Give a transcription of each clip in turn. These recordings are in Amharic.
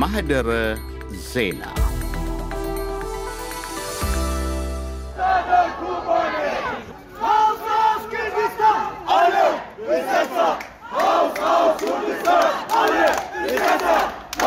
ማህደረ ዜና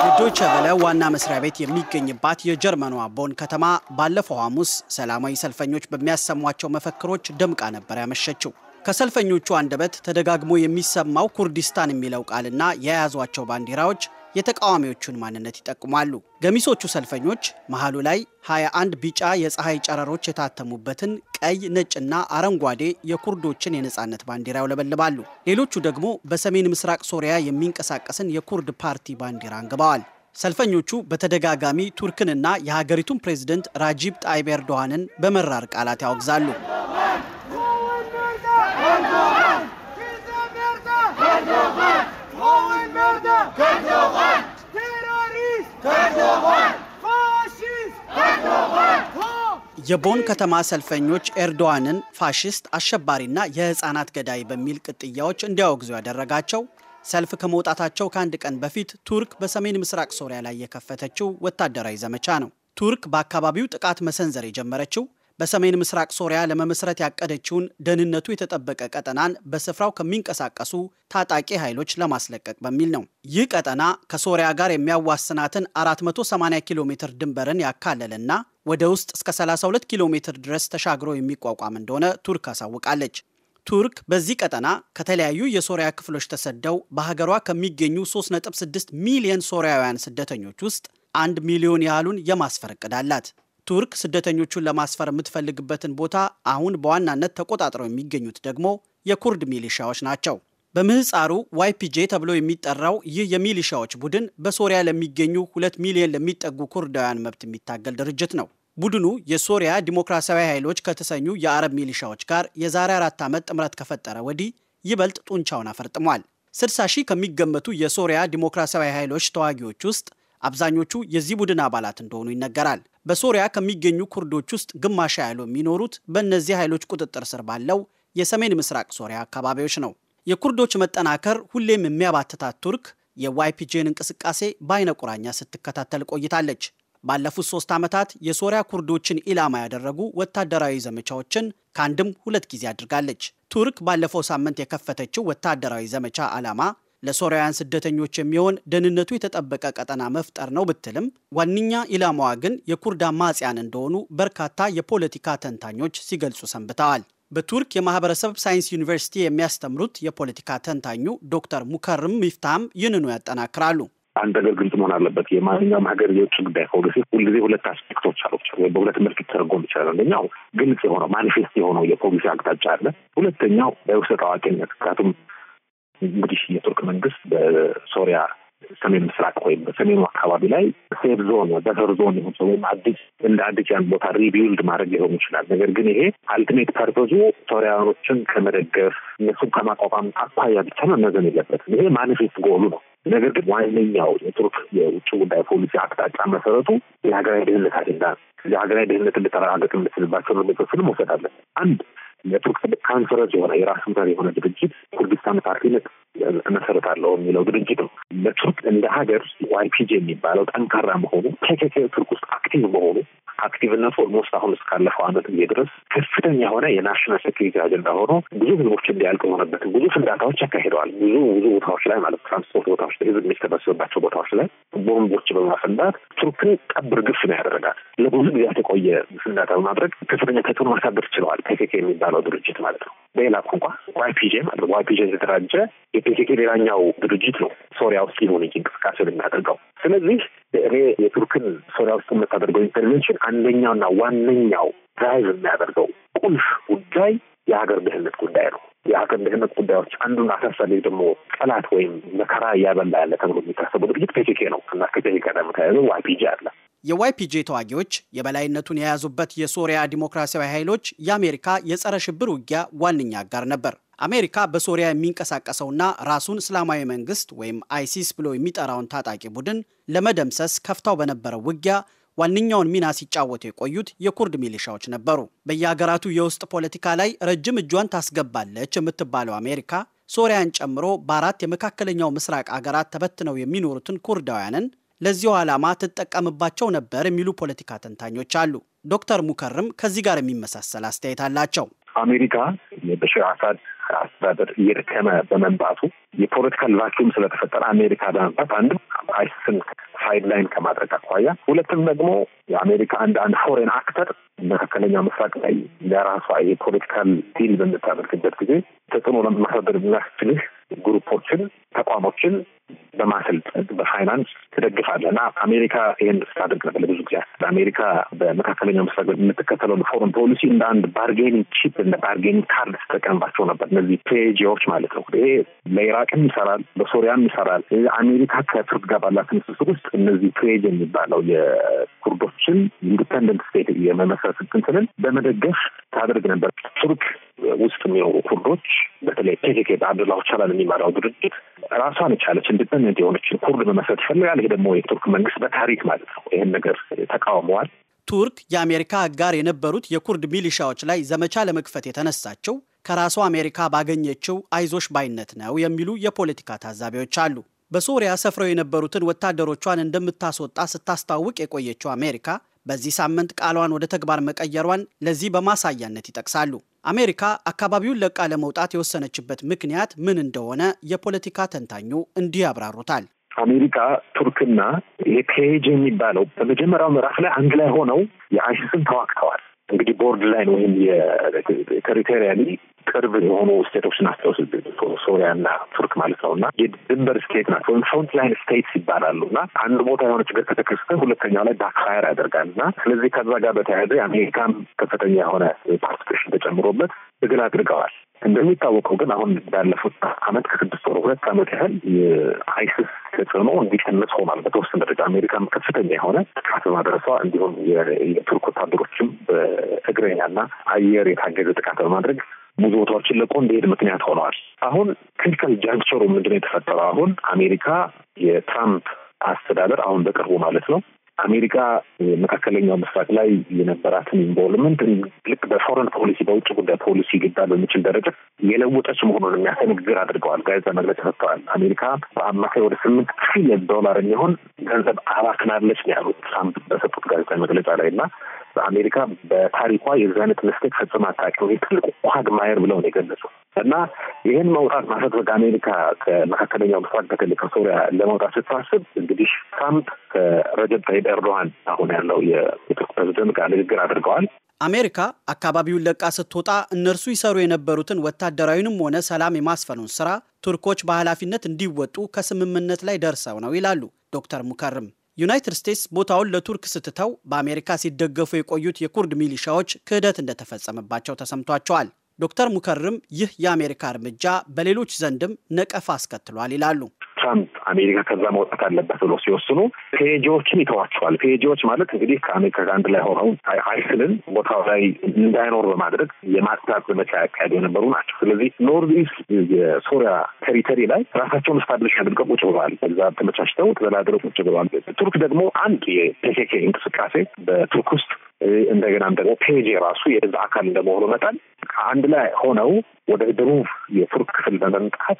የዶቸ ቨለ ዋና መስሪያ ቤት የሚገኝባት የጀርመኗ ቦን ከተማ ባለፈው ሐሙስ ሰላማዊ ሰልፈኞች በሚያሰሟቸው መፈክሮች ደምቃ ነበር ያመሸችው። ከሰልፈኞቹ አንደበት ተደጋግሞ የሚሰማው ኩርዲስታን የሚለው ቃልና የያዟቸው ባንዲራዎች የተቃዋሚዎቹን ማንነት ይጠቁማሉ። ገሚሶቹ ሰልፈኞች መሃሉ ላይ 21 ቢጫ የፀሐይ ጨረሮች የታተሙበትን ቀይ፣ ነጭና አረንጓዴ የኩርዶችን የነፃነት ባንዲራ ያውለበልባሉ። ሌሎቹ ደግሞ በሰሜን ምስራቅ ሶሪያ የሚንቀሳቀስን የኩርድ ፓርቲ ባንዲራ አንግበዋል። ሰልፈኞቹ በተደጋጋሚ ቱርክንና የሀገሪቱን ፕሬዝደንት ራጂብ ጣይብ ኤርዶሃንን በመራር ቃላት ያወግዛሉ። Terörist! የቦን ከተማ ሰልፈኞች ኤርዶዋንን ፋሽስት፣ አሸባሪና የህፃናት ገዳይ በሚል ቅጥያዎች እንዲያወግዙ ያደረጋቸው ሰልፍ ከመውጣታቸው ከአንድ ቀን በፊት ቱርክ በሰሜን ምስራቅ ሶሪያ ላይ የከፈተችው ወታደራዊ ዘመቻ ነው። ቱርክ በአካባቢው ጥቃት መሰንዘር የጀመረችው በሰሜን ምስራቅ ሶሪያ ለመመስረት ያቀደችውን ደህንነቱ የተጠበቀ ቀጠናን በስፍራው ከሚንቀሳቀሱ ታጣቂ ኃይሎች ለማስለቀቅ በሚል ነው። ይህ ቀጠና ከሶሪያ ጋር የሚያዋስናትን 480 ኪሎ ሜትር ድንበርን ያካለለና ወደ ውስጥ እስከ 32 ኪሎ ሜትር ድረስ ተሻግሮ የሚቋቋም እንደሆነ ቱርክ አሳውቃለች። ቱርክ በዚህ ቀጠና ከተለያዩ የሶሪያ ክፍሎች ተሰደው በሀገሯ ከሚገኙ 3.6 ሚሊዮን ሶሪያውያን ስደተኞች ውስጥ አንድ ሚሊዮን ያህሉን የማስፈር እቅድ አላት። ቱርክ ስደተኞቹን ለማስፈር የምትፈልግበትን ቦታ አሁን በዋናነት ተቆጣጥረው የሚገኙት ደግሞ የኩርድ ሚሊሻዎች ናቸው። በምህፃሩ ዋይፒጄ ተብሎ የሚጠራው ይህ የሚሊሻዎች ቡድን በሶሪያ ለሚገኙ ሁለት ሚሊዮን ለሚጠጉ ኩርዳውያን መብት የሚታገል ድርጅት ነው። ቡድኑ የሶሪያ ዲሞክራሲያዊ ኃይሎች ከተሰኙ የአረብ ሚሊሻዎች ጋር የዛሬ አራት ዓመት ጥምረት ከፈጠረ ወዲህ ይበልጥ ጡንቻውን አፈርጥሟል። 60 ሺህ ከሚገመቱ የሶሪያ ዲሞክራሲያዊ ኃይሎች ተዋጊዎች ውስጥ አብዛኞቹ የዚህ ቡድን አባላት እንደሆኑ ይነገራል። በሶሪያ ከሚገኙ ኩርዶች ውስጥ ግማሽ ያህሉ የሚኖሩት በእነዚህ ኃይሎች ቁጥጥር ስር ባለው የሰሜን ምስራቅ ሶሪያ አካባቢዎች ነው። የኩርዶች መጠናከር ሁሌም የሚያባትታት ቱርክ የዋይፒጄን እንቅስቃሴ በአይነ ቁራኛ ስትከታተል ቆይታለች። ባለፉት ሶስት ዓመታት የሶሪያ ኩርዶችን ኢላማ ያደረጉ ወታደራዊ ዘመቻዎችን ከአንድም ሁለት ጊዜ አድርጋለች። ቱርክ ባለፈው ሳምንት የከፈተችው ወታደራዊ ዘመቻ ዓላማ ለሶሪያውያን ስደተኞች የሚሆን ደህንነቱ የተጠበቀ ቀጠና መፍጠር ነው ብትልም ዋነኛ ኢላማዋ ግን የኩርድ አማጽያን እንደሆኑ በርካታ የፖለቲካ ተንታኞች ሲገልጹ ሰንብተዋል። በቱርክ የማህበረሰብ ሳይንስ ዩኒቨርሲቲ የሚያስተምሩት የፖለቲካ ተንታኙ ዶክተር ሙከርም ሚፍታም ይህንኑ ያጠናክራሉ። አንድ ነገር ግልጽ መሆን አለበት። የማንኛውም ሀገር የውጭ ጉዳይ ፖሊሲ ሁልጊዜ ሁለት አስፔክቶች አሉ፣ ወይም በሁለት መልክ ተረጎም ይችላል። አንደኛው ግልጽ የሆነው ማኒፌስት የሆነው የፖሊሲ አቅጣጫ አለ። ሁለተኛው በውስጥ አዋቂነት ምክንያቱም እንግዲህ የቱርክ መንግስት በሶሪያ ሰሜን ምስራቅ ወይም በሰሜኑ አካባቢ ላይ ሴፍ ዞን በፈር ዞን ወይም አዲስ እንደ አዲስ ያን ቦታ ሪቢውልድ ማድረግ ሊሆን ይችላል። ነገር ግን ይሄ አልቲሜት ፐርፐዙ ሶሪያኖችን ከመደገፍ እነሱን ከማቋቋም አኳያ ብቻ መመዘን የለበትም። ይሄ ማኒፌስት ጎሉ ነው። ነገር ግን ዋነኛው የቱርክ የውጭ ጉዳይ ፖሊሲ አቅጣጫ መሰረቱ የሀገራዊ ድህነት አጀንዳ ነው። የሀገራዊ ድህነት እንደተረጋገጥ የምትችልባቸው እርምጃዎችን መውሰድ አለን። አንድ የቱርክ ትልቅ ካንሰረስ የሆነ የራስ ምታት የሆነ ድርጅት ኩርዲስታን ፓርቲነት መሰረት አለው የሚለው ድርጅት ነው። በቱርክ እንደ ሀገር ዋይፒጂ የሚባለው ጠንካራ መሆኑ ፔኬኬ ቱርክ ውስጥ አክቲቭ መሆኑ አክቲቭነቱ ኦልሞስት አሁን እስካለፈው አመት ጊዜ ድረስ ከፍተኛ የሆነ የናሽናል ሴኩሪቲ አጀንዳ ሆኖ ብዙ ህዝቦች እንዲያልቅ የሆነበትን ብዙ ፍንዳታዎች ያካሂደዋል። ብዙ ብዙ ቦታዎች ላይ ማለት ትራንስፖርት ቦታዎች ላይ ህዝብ የሚሰበስብባቸው ቦታዎች ላይ ቦምቦች በማፈንዳት ቱርክን ቀብር ግፍ ነው ያደረጋት። ለብዙ ጊዜ የተቆየ ፍንዳታ በማድረግ ከፍተኛ ተጽዕኖ ማሳደር ችለዋል። ፔኬኬ የሚባለው ድርጅት ማለት ነው። በሌላ ቋንቋ ዋይፒጄ ማለት ዋይፒጄ የተደራጀ ፔኬኬ ሌላኛው ድርጅት ነው ሶሪያ ውስጥ የሆነ እንቅስቃሴ የምናደርገው። ስለዚህ እኔ የቱርክን ሶሪያ ውስጥ የምታደርገው ኢንተርቬንሽን አንደኛውና ዋነኛው ድራይቭ የሚያደርገው ቁልፍ ጉዳይ የሀገር ደህንነት ጉዳይ ነው። የሀገር ደህንነት ጉዳዮች አንዱን አሳሳቢ ደግሞ ጠላት ወይም መከራ እያበላ ያለ ተብሎ የሚታሰቡ ድርጅት ፔኬኬ ነው እና ከፔኬኬ ጋር ተያይዘው ዋይፒጂ አለ። የዋይፒጄ ተዋጊዎች የበላይነቱን የያዙበት የሶሪያ ዲሞክራሲያዊ ኃይሎች የአሜሪካ የጸረ ሽብር ውጊያ ዋነኛ አጋር ነበር። አሜሪካ በሶሪያ የሚንቀሳቀሰውና ራሱን እስላማዊ መንግስት ወይም አይሲስ ብሎ የሚጠራውን ታጣቂ ቡድን ለመደምሰስ ከፍታው በነበረው ውጊያ ዋነኛውን ሚና ሲጫወቱ የቆዩት የኩርድ ሚሊሻዎች ነበሩ። በየሀገራቱ የውስጥ ፖለቲካ ላይ ረጅም እጇን ታስገባለች የምትባለው አሜሪካ ሶሪያን ጨምሮ በአራት የመካከለኛው ምስራቅ አገራት ተበትነው የሚኖሩትን ኩርዳውያንን ለዚሁ ዓላማ ትጠቀምባቸው ነበር የሚሉ ፖለቲካ ተንታኞች አሉ። ዶክተር ሙከርም ከዚህ ጋር የሚመሳሰል አስተያየት አላቸው። አሜሪካ የበሽር አሳድ አስተዳደር እየደከመ በመምጣቱ የፖለቲካል ቫኪዩም ስለተፈጠረ አሜሪካ ለመምጣት አንድ አይስን ሳይድ ላይን ከማድረግ አኳያ፣ ሁለትም ደግሞ የአሜሪካ አንድ አንድ ፎሬን አክተር መካከለኛው ምስራቅ ላይ ለራሷ የፖለቲካል ዲል በምታደርግበት ጊዜ ተጽዕኖ ለማሳደር የሚያስችልህ ግሩፖችን፣ ተቋሞችን በማሰልጠን በፋይናንስ ትደግፋለህ እና አሜሪካ ይህን ስታደርግ ነበር ለብዙ ጊዜ አሜሪካ በመካከለኛው ምስራቅ የምትከተለውን ፎረን ፖሊሲ እንደ አንድ ባርጌኒንግ ቺፕ እንደ ባርጌኒንግ ካርድ ስትጠቀምባቸው ነበር እነዚህ ፔጂዎች ማለት ነው ይሄ ለኢራን በኢራቅም ይሰራል፣ በሶሪያም ይሰራል። አሜሪካ ከቱርክ ጋር ባላት ትስስር ውስጥ እነዚህ ክሬጅ የሚባለው የኩርዶችን ኢንዲፐንደንት ስቴት የመመስረት ትንትንን በመደገፍ ታደርግ ነበር። ቱርክ ውስጥ የሚኖሩ ኩርዶች በተለይ ፒኬኬ በአብዱላ ኦካላን የሚመራው ድርጅት ራሷን የቻለች ኢንዲፐንደንት የሆነችን ኩርድ መመስረት ይፈልጋል። ይሄ ደግሞ የቱርክ መንግስት በታሪክ ማለት ነው ይህን ነገር ተቃውመዋል። ቱርክ የአሜሪካ አጋር የነበሩት የኩርድ ሚሊሻዎች ላይ ዘመቻ ለመክፈት የተነሳቸው ከራሷ አሜሪካ ባገኘችው አይዞሽ ባይነት ነው የሚሉ የፖለቲካ ታዛቢዎች አሉ። በሶሪያ ሰፍረው የነበሩትን ወታደሮቿን እንደምታስወጣ ስታስታውቅ የቆየችው አሜሪካ በዚህ ሳምንት ቃሏን ወደ ተግባር መቀየሯን ለዚህ በማሳያነት ይጠቅሳሉ። አሜሪካ አካባቢውን ለቃ ለመውጣት የወሰነችበት ምክንያት ምን እንደሆነ የፖለቲካ ተንታኙ እንዲህ ያብራሩታል። አሜሪካ ቱርክና የፔጅ የሚባለው በመጀመሪያው ምዕራፍ ላይ አንድ ላይ ሆነው የአይሲስን ተዋግተዋል። እንግዲህ ቦርድ ላይን ወይም የቴሪቶሪያሊ ቅርብ የሆኑ ስቴቶችን አስታውስ ሶሪያና ቱርክ ማለት ነው። እና የድንበር ስቴት ናቸው ወይም ፍሮንት ላይን ስቴትስ ይባላሉ። እና አንድ ቦታ የሆነ ችግር ከተከሰተ ሁለተኛው ላይ ባክፋየር ያደርጋል። እና ስለዚህ ከዛ ጋር በተያያዘ የአሜሪካም ከፍተኛ የሆነ ፓርቲሽን ተጨምሮበት ትግል አድርገዋል። እንደሚታወቀው ግን አሁን ባለፉት አመት ከስድስት ወር ሁለት አመት ያህል የአይስስ ተጽዕኖ እንዲቀንስ ሆኗል። በተወሰነ ደረጃ አሜሪካም ከፍተኛ የሆነ ጥቃት በማድረሷ እንዲሁም የቱርክ ወታደሮችም በእግረኛና አየር የታገዘ ጥቃት በማድረግ ብዙ ቦታዎችን ለቆ እንዲሄድ ምክንያት ሆነዋል። አሁን ክሪቲካል ጃንክቸሩ ምንድነው የተፈጠረው? አሁን አሜሪካ የትራምፕ አስተዳደር አሁን በቅርቡ ማለት ነው አሜሪካ መካከለኛው ምስራቅ ላይ የነበራትን ኢንቮልቭመንት ልክ በፎረን ፖሊሲ በውጭ ጉዳይ ፖሊሲ ሊባል በሚችል ደረጃ የለወጠች መሆኑን የሚያሳይ ንግግር አድርገዋል። ጋዜጣ መግለጫ ሰጥተዋል። አሜሪካ በአማካይ ወደ ስምንት ትሪሊየን ዶላር የሚሆን ገንዘብ አባክናለች ነው ያሉት ትራምፕ በሰጡት ጋዜጣ መግለጫ ላይ እና አሜሪካ በታሪኳ የዚህ አይነት ምስቴክ ፈጽማ አታውቅም። ይህ ትልቅ ኳግማየር ብለው ነው የገለጹ እና ይህን መውጣት ማለት በቃ አሜሪካ ከመካከለኛው ምስራቅ በተለይ ከሶሪያ ለመውጣት ስታስብ እንግዲህ ትራምፕ ከረጀብ ታይብ ኤርዶሃን አሁን ያለው የቱርክ ፕሬዚደንት ጋር ንግግር አድርገዋል። አሜሪካ አካባቢውን ለቃ ስትወጣ እነርሱ ይሰሩ የነበሩትን ወታደራዊንም ሆነ ሰላም የማስፈኑን ስራ ቱርኮች በኃላፊነት እንዲወጡ ከስምምነት ላይ ደርሰው ነው ይላሉ ዶክተር ሙከርም ዩናይትድ ስቴትስ ቦታውን ለቱርክ ስትተው በአሜሪካ ሲደገፉ የቆዩት የኩርድ ሚሊሻዎች ክህደት እንደተፈጸመባቸው ተሰምቷቸዋል። ዶክተር ሙከርም ይህ የአሜሪካ እርምጃ በሌሎች ዘንድም ነቀፋ አስከትሏል ይላሉ። ትራምፕ አሜሪካ ከዛ መውጣት አለበት ብሎ ሲወስኑ ከኤጂዎችን ይተዋቸዋል። ከኤጂዎች ማለት እንግዲህ ከአሜሪካ ጋር አንድ ላይ ሆነው አይስልን ቦታው ላይ እንዳይኖር በማድረግ የማጽዳት ዘመቻ ያካሄዱ የነበሩ ናቸው። ስለዚህ ኖርዝ ኢስት የሶሪያ ቴሪተሪ ላይ ራሳቸውን ስታብሊሽ አድርገው ቁጭ ብለዋል። እዛ ተመቻችተው ተደላድረው ቁጭ ብለዋል። ቱርክ ደግሞ አንድ የፔኬኬ እንቅስቃሴ በቱርክ ውስጥ እንደገናም ደግሞ ፔጅ የራሱ የዛ አካል እንደመሆኑ መጠን አንድ ላይ ሆነው ወደ ደቡብ የቱርክ ክፍል በመምጣት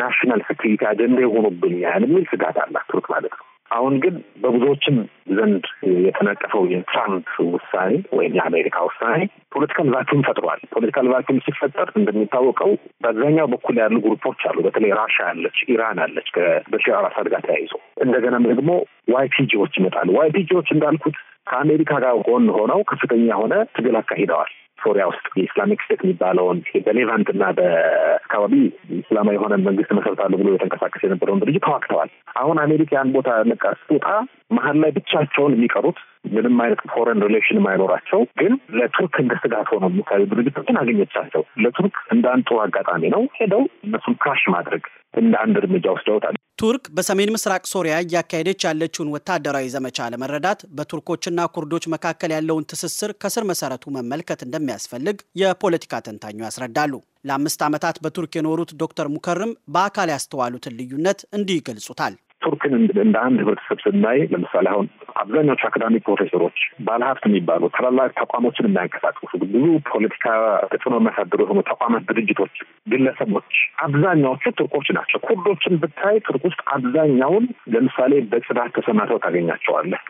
ናሽናል ሴኪሪቲ አጀንዳ የሆኑብኛል የሚል ስጋት አላቸውት ማለት ነው። አሁን ግን በብዙዎችም ዘንድ የተነቀፈው የትራምፕ ውሳኔ ወይም የአሜሪካ ውሳኔ ፖለቲካል ቫኪዩም ፈጥሯል። ፖለቲካል ቫኪዩም ሲፈጠር እንደሚታወቀው በአብዛኛው በኩል ያሉ ግሩፖች አሉ። በተለይ ራሻ አለች፣ ኢራን አለች ከበሽር አሳድ ጋር ተያይዞ እንደገናም ደግሞ ዋይፒጂዎች ይመጣሉ። ዋይፒጂዎች እንዳልኩት ከአሜሪካ ጋር ጎን ሆነው ከፍተኛ የሆነ ትግል አካሂደዋል። ሶሪያ ውስጥ የኢስላሚክ ስቴት የሚባለውን በሌቫንት እና በአካባቢ ኢስላማዊ የሆነ መንግስት መሰርታለሁ ብሎ የተንቀሳቀስ የነበረውን ድርጅት ተዋግተዋል። አሁን አሜሪካ ያን ቦታ ነቃ ስትወጣ መሀል ላይ ብቻቸውን የሚቀሩት ምንም አይነት ፎረን ሪሌሽን ማይኖራቸው ግን ለቱርክ እንደ ስጋት ሆነው የሚታዩ ድርጅቶችን አገኘቻቸው። ለቱርክ እንደ አንድ ጥሩ አጋጣሚ ነው። ሄደው እነሱን ክራሽ ማድረግ እንደ አንድ እርምጃ ወጣ ቱርክ በሰሜን ምስራቅ ሶሪያ እያካሄደች ያለችውን ወታደራዊ ዘመቻ ለመረዳት በቱርኮችና ኩርዶች መካከል ያለውን ትስስር ከስር መሰረቱ መመልከት እንደሚያስፈልግ የፖለቲካ ተንታኙ ያስረዳሉ። ለአምስት ዓመታት በቱርክ የኖሩት ዶክተር ሙከርም በአካል ያስተዋሉትን ልዩነት እንዲህ ይገልጹታል። ቱርክን እንደ አንድ ህብረተሰብ ስናይ ለምሳሌ አሁን አብዛኛዎቹ አካዳሚክ ፕሮፌሰሮች ባለሀብት የሚባሉ ታላላቅ ተቋሞችን የሚያንቀሳቅሱ ብዙ ፖለቲካ ተጽዕኖ የሚያሳድሩ የሆኑ ተቋማት፣ ድርጅቶች፣ ግለሰቦች አብዛኛዎቹ ቱርኮች ናቸው። ኩርዶችን ብታይ ቱርክ ውስጥ አብዛኛውን ለምሳሌ በጽዳት ተሰማርተው ታገኛቸዋለህ።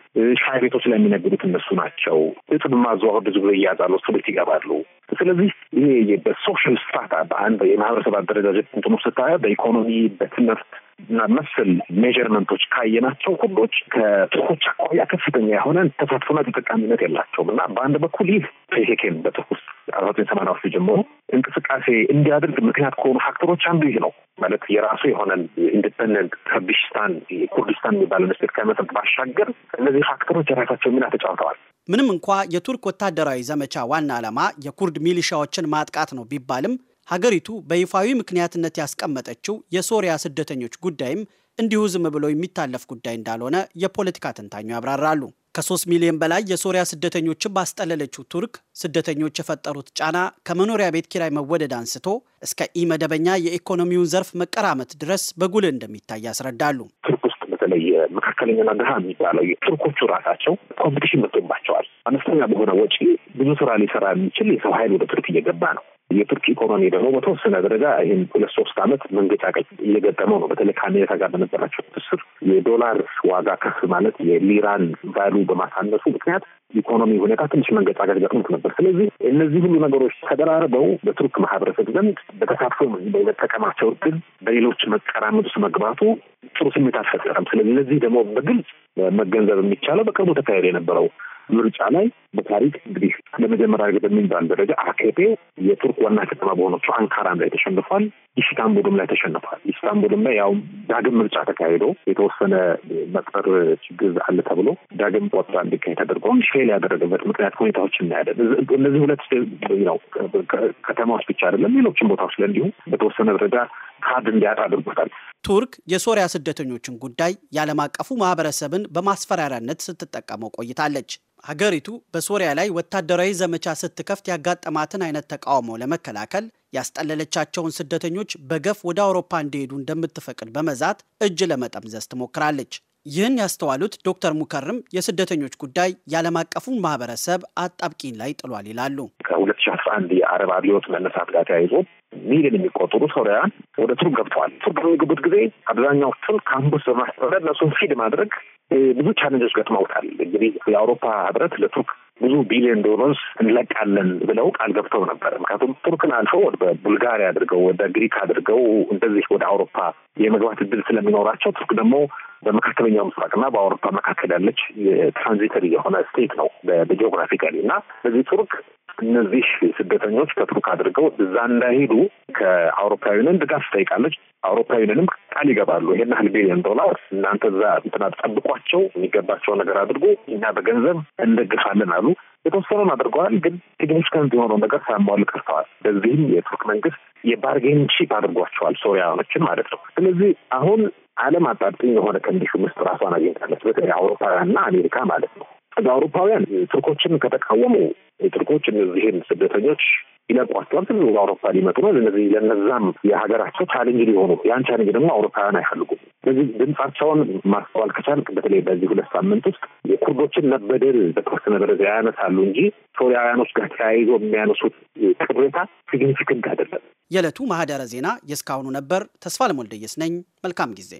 ሻይ ቤቶች ላይ የሚነግዱት እነሱ ናቸው። እጡብ ማዘዋወር ብዙ ጊዜ እያዛሉ እሱ ቤት ይገባሉ። ስለዚህ ይሄ በሶሻል ስትራታ በአንድ የማህበረሰብ አደረጃጀት እንትኑ ስታየ በኢኮኖሚ በትምህርት እና መሰል ሜዥርመንቶች ካየናቸው ሁሎች ከጥቁሮች አኳያ ከፍተኛ የሆነ ተሳትፎና ተጠቃሚነት የላቸውም እና በአንድ በኩል ይህ ፔሴኬን በጥቁር አርባ ሰማና ውስጥ ጀምሮ እንቅስቃሴ እንዲያደርግ ምክንያት ከሆኑ ፋክተሮች አንዱ ይህ ነው። ማለት የራሱ የሆነን ኢንዲፐንደንት ከርዲሽስታን ኩርዲስታን የሚባለን ስቴት ከመሰረት ባሻገር እነዚህ ፋክተሮች የራሳቸው ሚና ተጫውተዋል። ምንም እንኳ የቱርክ ወታደራዊ ዘመቻ ዋና ዓላማ የኩርድ ሚሊሻዎችን ማጥቃት ነው ቢባልም ሀገሪቱ በይፋዊ ምክንያትነት ያስቀመጠችው የሶሪያ ስደተኞች ጉዳይም እንዲሁ ዝም ብሎ የሚታለፍ ጉዳይ እንዳልሆነ የፖለቲካ ተንታኙ ያብራራሉ። ከሶስት ሚሊዮን በላይ የሶሪያ ስደተኞችን ባስጠለለችው ቱርክ ስደተኞች የፈጠሩት ጫና ከመኖሪያ ቤት ኪራይ መወደድ አንስቶ እስከ ኢመደበኛ የኢኮኖሚውን ዘርፍ መቀራመት ድረስ በጉልህ እንደሚታይ ያስረዳሉ። ውስጥ በተለይ መካከለኛና ድሃ የሚባለው የቱርኮቹ ራሳቸው ኮምፒቲሽን መጥቶባቸዋል። አነስተኛ በሆነ ወጪ ብዙ ስራ ሊሰራ የሚችል የሰው ኃይል ወደ ቱርክ እየገባ ነው። የቱርክ ኢኮኖሚ ደግሞ በተወሰነ ደረጃ ይህን ሁለት ሶስት ዓመት መንገጫቀጭ እየገጠመው ነው። በተለይ ከአሜሪካ ጋር በነበራቸው ትስር የዶላር ዋጋ ከፍ ማለት የሊራን ቫሉ በማሳነሱ ምክንያት ኢኮኖሚ ሁኔታ ትንሽ መንገጫቀጭ ገጥሞት ነበር። ስለዚህ እነዚህ ሁሉ ነገሮች ተደራርበው በቱርክ ማህበረሰብ ዘንድ በተሳትፎ በመጠቀማቸው ግን በሌሎች መቀራመጥ ውስጥ መግባቱ ጥሩ ስሜት አልፈጠረም። ስለዚህ እነዚህ ደግሞ በግልጽ መገንዘብ የሚቻለው በቅርቡ ተካሄደ የነበረው ምርጫ ላይ በታሪክ እንግዲህ ለመጀመሪያ ጊዜ በሚባል ደረጃ አኬቴ የቱርክ ዋና ከተማ በሆነችው አንካራም ላይ ተሸንፏል። ኢስታንቡልም ላይ ተሸንፏል። ኢስታንቡልም ላይ ያው ዳግም ምርጫ ተካሂዶ የተወሰነ መቅጠር ችግር አለ ተብሎ ዳግም ቆጠራ እንዲካሄድ ተደርጎም ፌል ያደረገበት ምክንያት ሁኔታዎች እናያለን። እነዚህ ሁለት ነው ከተማዎች ብቻ አይደለም፣ ሌሎችም ቦታዎች ላይ እንዲሁም በተወሰነ ደረጃ ካድ እንዲያጣ አድርጎታል። ቱርክ የሶሪያ ስደተኞችን ጉዳይ የዓለም አቀፉ ማህበረሰብን በማስፈራሪያነት ስትጠቀመው ቆይታለች። ሀገሪቱ በሶሪያ ላይ ወታደራዊ ወታደራዊ ዘመቻ ስትከፍት ያጋጠማትን አይነት ተቃውሞ ለመከላከል ያስጠለለቻቸውን ስደተኞች በገፍ ወደ አውሮፓ እንዲሄዱ እንደምትፈቅድ በመዛት እጅ ለመጠምዘዝ ትሞክራለች። ይህን ያስተዋሉት ዶክተር ሙከርም የስደተኞች ጉዳይ የዓለም አቀፉን ማህበረሰብ አጣብቂኝ ላይ ጥሏል ይላሉ። ከሁለት ሺ አስራ አንድ የአረብ አብዮት መነሳት ጋር ተያይዞ ሚሊዮን የሚቆጠሩ ሶሪያን ወደ ቱርክ ገብተዋል። ቱርክ በሚገቡት ጊዜ አብዛኛዎቹን ካምፕስ በማስተዳደር እነሱን ፊድ ማድረግ ብዙ ቻለንጆች ገጥመውታል። እንግዲህ የአውሮፓ ህብረት ለቱርክ ብዙ ቢሊዮን ዶላርስ እንለቃለን ብለው ቃል ገብተው ነበር። ምክንያቱም ቱርክን አልፈው ወደ ቡልጋሪያ አድርገው ወደ ግሪክ አድርገው እንደዚህ ወደ አውሮፓ የመግባት እድል ስለሚኖራቸው ቱርክ ደግሞ በመካከለኛው ምስራቅና በአውሮፓ መካከል ያለች ትራንዚተሪ የሆነ ስቴት ነው በጂኦግራፊካሊ እና በዚህ ቱርክ እነዚህ ስደተኞች ከቱርክ አድርገው እዛ እንዳይሄዱ ከአውሮፓውያንን ድጋፍ ትጠይቃለች። አውሮፓውያንንም ቃል ይገባሉ። ይሄን ያህል ቢሊዮን ዶላር እናንተ እዛ እንትና ጠብቋቸው፣ የሚገባቸው ነገር አድርጎ እኛ በገንዘብ እንደግፋለን አሉ። የተወሰኑን አድርገዋል፣ ግን ሲግኒፊካንት የሆነው ነገር ሳያሟሉ ቀርተዋል። በዚህም የቱርክ መንግስት የባርጌን ቺፕ አድርጓቸዋል፣ ሶሪያኖችን ማለት ነው። ስለዚህ አሁን ዓለም አጣብቂኝ የሆነ ከንዲሽን ውስጥ ራሷን አግኝታለች። በተለይ አውሮፓውያንና አሜሪካ ማለት ነው። አውሮፓውያን ቱርኮችን ከተቃወሙ ቱርኮች እነዚህን ስደተኞች ይለቋቸዋል። ትም አውሮፓ ሊመጡ ነው። ለነዚህ ለነዛም የሀገራቸው ቻሌንጅ ሊሆኑ ያን ቻሌንጅ ደግሞ አውሮፓውያን አይፈልጉም። ስለዚህ ድምፃቸውን ማስተዋል ከቻልክ በተለይ በዚህ ሁለት ሳምንት ውስጥ የኩርዶችን መበደል በተወሰነ ደረጃ ያነሳሉ እንጂ ሶሪያውያኖች ጋር ተያይዞ የሚያነሱት ቅሬታ ሲግኒፊክንት አይደለም። የዕለቱ ማህደረ ዜና የእስካሁኑ ነበር። ተስፋ ለሞልደየስ ነኝ። መልካም ጊዜ